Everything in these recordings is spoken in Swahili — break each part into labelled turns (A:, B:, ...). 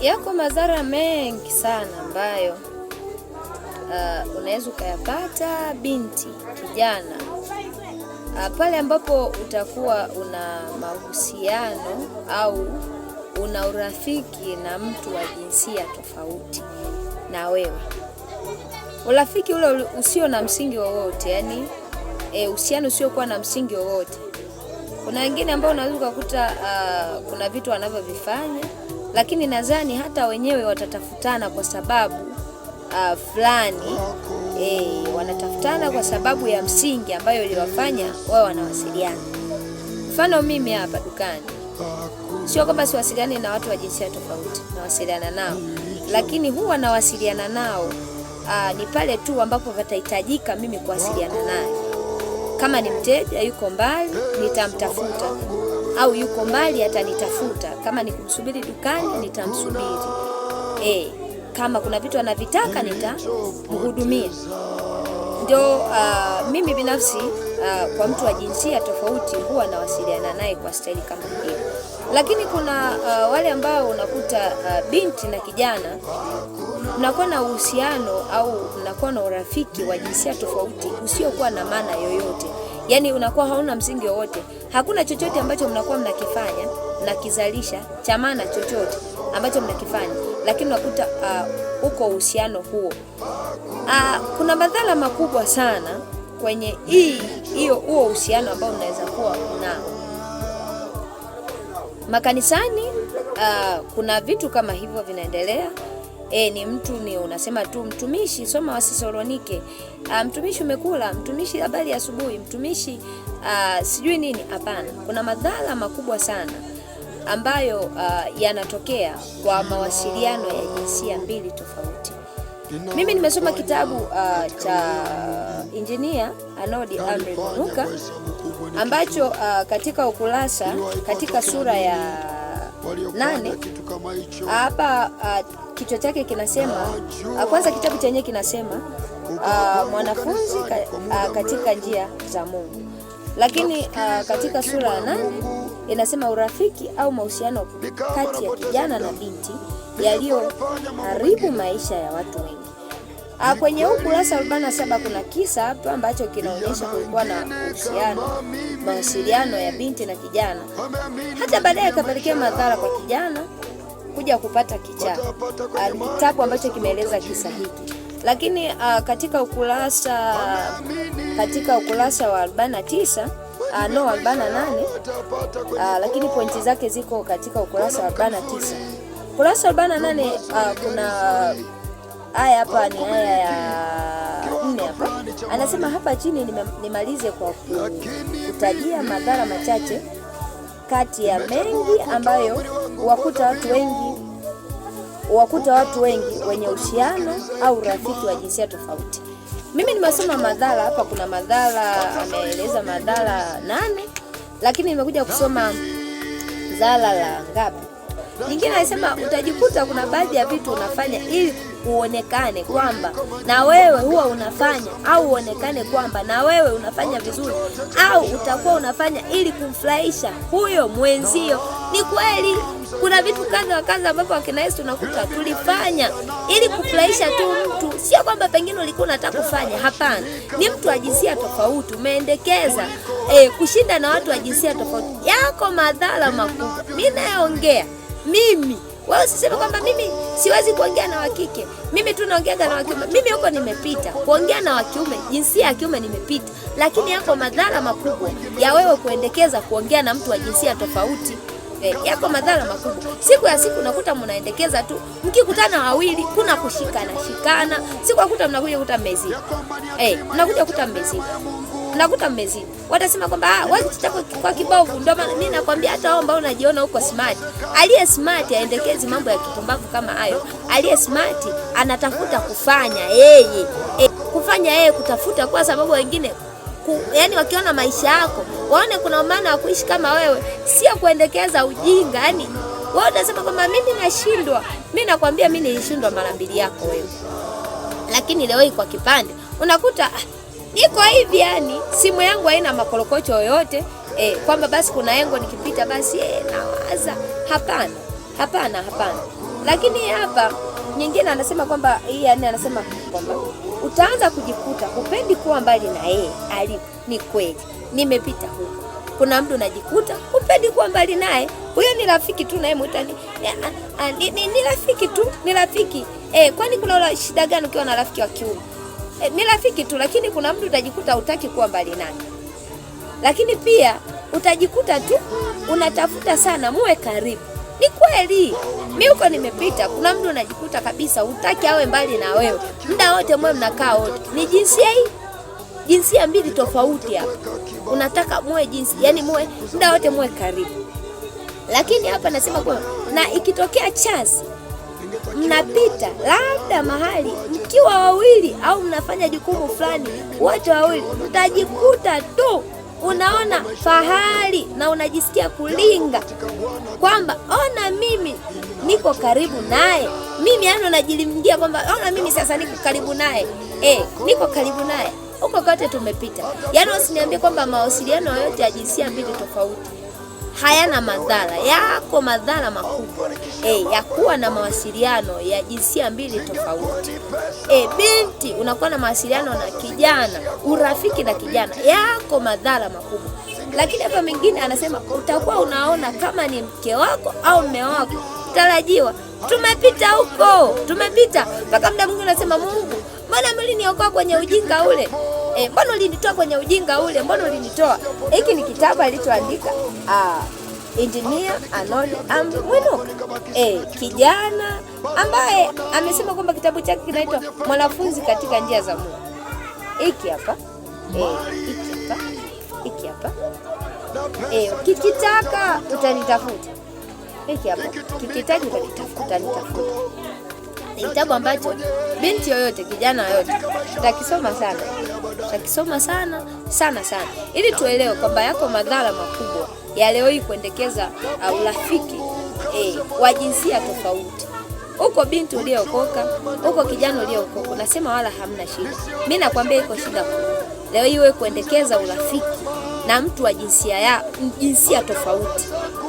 A: Yako madhara mengi sana ambayo uh, unaweza ukayapata binti kijana uh, pale ambapo utakuwa una mahusiano au una urafiki na mtu wa jinsia tofauti na wewe, urafiki ule usio na msingi wowote, yani e, uhusiano usiokuwa na msingi wowote. Kuna wengine ambao unaweza ukakuta uh, kuna vitu wanavyovifanya lakini nadhani hata wenyewe watatafutana kwa sababu uh, fulani e, wanatafutana kwa sababu ya msingi ambayo iliwafanya wao wanawasiliana. Mfano mimi hapa dukani, sio kwamba siwasiliane na watu wa jinsia tofauti, nawasiliana nao, lakini huwa nawasiliana nao uh, ni pale tu ambapo vatahitajika mimi kuwasiliana naye. Kama ni mteja yuko mbali, nitamtafuta au yuko mbali atanitafuta. Kama ni kumsubiri dukani nitamsubiri, eh, kama kuna vitu anavitaka nitamhudumia. Ndio uh, mimi binafsi uh, kwa mtu wa jinsia tofauti huwa nawasiliana naye kwa staili kama hiyo, lakini kuna uh, wale ambao unakuta uh, binti na kijana mnakuwa na uhusiano au mnakuwa na urafiki wa jinsia tofauti usiokuwa na maana yoyote, yaani unakuwa hauna msingi wowote. Hakuna chochote ambacho mnakuwa mnakifanya mnakizalisha cha maana chochote ambacho mnakifanya, lakini unakuta uh, uko uhusiano huo. Uh, kuna madhara makubwa sana kwenye hii hiyo huo uhusiano ambao unaweza kuwa nao makanisani. Uh, kuna vitu kama hivyo vinaendelea e, ni mtu ni unasema tu mtumishi, soma Wathesalonike, ah, mtumishi umekula, mtumishi habari ya asubuhi, mtumishi a, ah, sijui nini. Hapana, kuna madhara makubwa sana ambayo ah, yanatokea kwa mawasiliano ya jinsia mbili tofauti. Mimi nimesoma kitabu uh, cha injinia Arnold Amri Kunuka ambacho uh, katika ukurasa katika sura ya nane hapa ah, kichwa chake kinasema ah, kwanza kitabu chenye kinasema ah, mwanafunzi ka, katika njia za Mungu, lakini katika sura ya nane inasema urafiki au mahusiano kati ya kijana na binti yaliyoharibu maisha ya watu wengi. Ah, kwenye ukurasa 47 kuna kisa hapa ambacho kinaonyesha kulikuwa na uhusiano, mawasiliano ya binti na kijana, hata baadaye akapelekea madhara kwa kijana kuja kupata kichaa, ah, kitabu ambacho kimeeleza kisa hiki. Lakini uh, katika ukurasa katika ukurasa wa 49 uh, no 48 uh, lakini pointi zake ziko katika ukurasa wa 49. Ukurasa wa 48 uh, kuna Haya hapa ni haya ya nne hapa, anasema hapa chini nimalize kwa kutajia madhara machache kati ya mengi ambayo wakuta watu wengi wakuta watu wengi wenye uhusiano au rafiki wa jinsia tofauti. Mimi nimesoma madhara hapa, kuna madhara ameeleza madhara nane, lakini nimekuja kusoma dhara la ngapi. Nyingine anasema utajikuta kuna baadhi ya vitu unafanya ili uonekane kwamba na wewe huwa unafanya au uonekane kwamba na wewe unafanya vizuri au utakuwa unafanya ili kumfurahisha huyo mwenzio. Ni kweli kuna vitu kadha wa kadha ambavyo akina Yesu tunakuta tulifanya ili kufurahisha tu mtu, sio kwamba pengine ulikuwa unataka kufanya. Hapana, ni mtu wa jinsia tofauti umeendekeza e, kushinda na watu wa jinsia tofauti, yako madhara makubwa. mimi nayeongea mimi wewe usiseme kwamba mimi siwezi kuongea na wakike, mimi tu naongeaga na wakiume. Mimi huko nimepita kuongea na wakiume, jinsia ya kiume nimepita, lakini yako madhara makubwa ya wewe kuendekeza kuongea na mtu wa jinsia tofauti. Eh, yako madhara makubwa. Siku ya siku nakuta mnaendekeza tu, mkikutana wawili kuna kushikana shikana, siku akuta mnakuja kuta mezi eh, mnakuja kuta mmezini nakuta mmezi Watasema kwamba ah, wewe chako kwa kibovu. Ndio maana mimi nakwambia hata wao ambao unajiona huko smart, aliye smart aendekezi mambo ya kipumbavu kama hayo. Aliye smart anatafuta kufanya yeye e, kufanya yeye kutafuta, kwa sababu wengine ku, yani wakiona maisha yako waone kuna maana ya kuishi kama wewe, sio kuendekeza ujinga yani wewe unasema kwamba mimi nashindwa. Mimi nakwambia mimi nilishindwa mara mbili yako wewe, lakini leo hii kwa kipande unakuta ah, iko hivi yani, simu yangu haina makorokocho yoyote eh, kwamba basi kuna engo nikipita basi eh, nawaza. Hapana, hapana, hapana. Lakini hapa nyingine anasema kwamba hii yani, anasema kwamba utaanza kujikuta hupendi kuwa mbali na yeye alipo. Ni kweli, nimepita huko kuna mtu unajikuta hupendi kuwa mbali naye. Huyo ni rafiki tu naye mtani, ni, ni, ni rafiki tu, ni rafiki eh. Kwani kuna shida gani ukiwa na rafiki wa kiume? e, ni rafiki tu, lakini kuna mtu utajikuta utaki kuwa mbali naye, lakini pia utajikuta tu unatafuta sana muwe karibu. Ni kweli mimi huko nimepita, kuna mtu unajikuta kabisa utaki awe mbali na wewe, muda wote mwe mnakaa wote. Ni jinsia hii, jinsia mbili tofauti hapa, unataka muwe jinsi, yani muwe muda wote muwe karibu, lakini hapa nasema kwa na ikitokea chance mnapita labda mahali mkiwa wawili au mnafanya jukumu fulani wote wawili, utajikuta tu unaona fahari na unajisikia kulinga kwamba ona mimi niko karibu naye, mimi ana yaani unajilimgia kwamba ona mimi sasa niko karibu naye eh, niko karibu naye huko kote tumepita. Yani usiniambie kwamba mawasiliano yote ya jinsia mbili tofauti hayana madhara, yako madhara makubwa e, ya kuwa na mawasiliano ya jinsia mbili tofauti e, binti unakuwa na mawasiliano na kijana, urafiki na kijana, yako madhara makubwa. Lakini hapa mengine anasema utakuwa unaona kama ni mke wako au mme wako tarajiwa. Tumepita huko, tumepita mpaka muda mwingine unasema Mungu, mbona mliniokoa kwenye ujinga ule? eh, mbona ulinitoa kwenye ujinga ule? Mbona ulinitoa? Hiki ni kitabu alichoandika ah, injinia Anon Amwinuka, eh, kijana ambaye amesema kwamba kitabu chake kinaitwa Mwanafunzi katika njia za Mungu. Hiki hapa eh, hiki hapa hiki hapa eh, kikitaka utanitafuta. Hiki hapa kikitaka utanitafuta. Ni kitabu ambacho binti yoyote kijana yoyote atakisoma sana takisoma sana sana sana, ili tuelewe kwamba yako madhara makubwa ya leo hii kuendekeza uh, urafiki eh, wa jinsia tofauti. Huko binti uliokoka, huko kijana uliokoka, unasema wala hamna shida. Mimi nakwambia iko shida kubwa leo hii wewe kuendekeza urafiki na mtu wa jinsia ya jinsia tofauti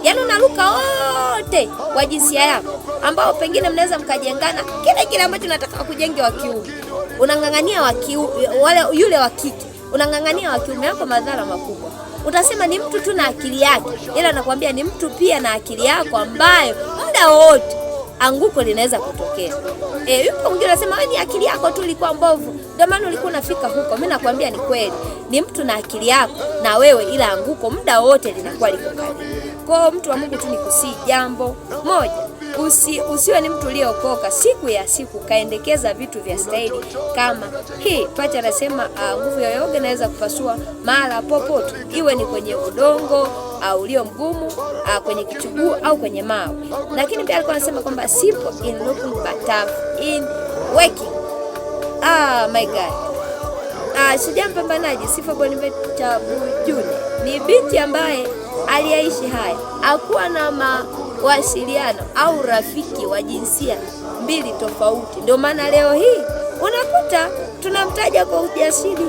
A: yaani unaruka wote wa jinsia yako ambao pengine mnaweza mkajengana kile kile ambacho unataka kujenge wa kiume, unang'ang'ania wa kiume wale, yule wa kike unang'ang'ania wa kiume yako, madhara makubwa. Utasema ni mtu tu na akili yake, ila nakwambia ni mtu pia na akili yako, ambayo muda wowote anguko linaweza kutokea. E, yupo mwingine anasema wewe ni akili yako tu ilikuwa mbovu, ndio maana ulikuwa unafika huko. Mimi nakwambia ni kweli, ni mtu na akili yako na wewe, ila anguko muda wote linakuwa liko karibu. Kwa mtu wa Mungu, tu nikusii jambo moja, usi, usiwe ni mtu uliokoka siku ya siku kaendekeza vitu vya staili kama hii. Pacha anasema ah, nguvu ya yoga inaweza kupasua mara popote, iwe ni kwenye udongo au ah, ulio mgumu au ah, kwenye kichuguu au kwenye mawe. Lakini pia alikuwa anasema kwamba sipo in looking but tough in working. Ah, my God. Ah, Shujaa Mpambanaji Sifa Boniveta Bujune ni binti ambaye aliyaishi haya, hakuwa na mawasiliano au rafiki wa jinsia mbili tofauti. Ndio maana leo hii unakuta tunamtaja kwa ujasiri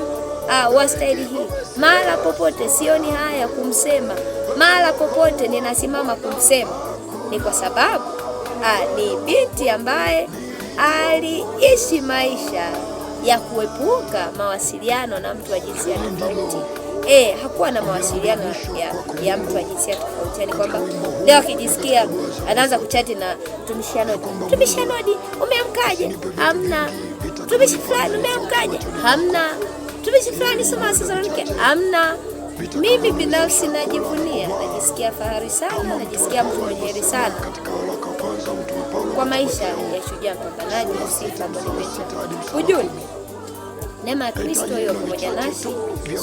A: ah, wa staili hii. Mahala popote sioni haya kumsema, mahala popote ninasimama kumsema, ni kwa sababu ah, ni binti ambaye aliishi maisha ya kuepuka mawasiliano na mtu wa jinsia tofauti. E, hakuwa na mawasiliano ya, ya mtu wa jinsia tofauti, yani kwamba leo akijisikia anaanza kuchati na tumishiano tumishiano, di umeamkaje? Hamna. tumishi fulani umeamkaje? Hamna. tumishi fulani soma Wathesalonike? Hamna. Mimi binafsi najivunia, najisikia fahari sana, najisikia mtu mwenye heri sana kwa maisha ya shujaa mpambanaji Usifa Bonifeti Kujuni. Neema ya Kristo hiyo pamoja nasi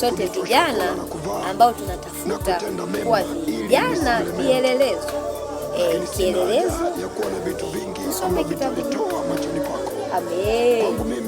A: sote vijana ambao tunatafuta kuwa vijana vielelezo. Eh, kielelezo, usome kitabu. Amen.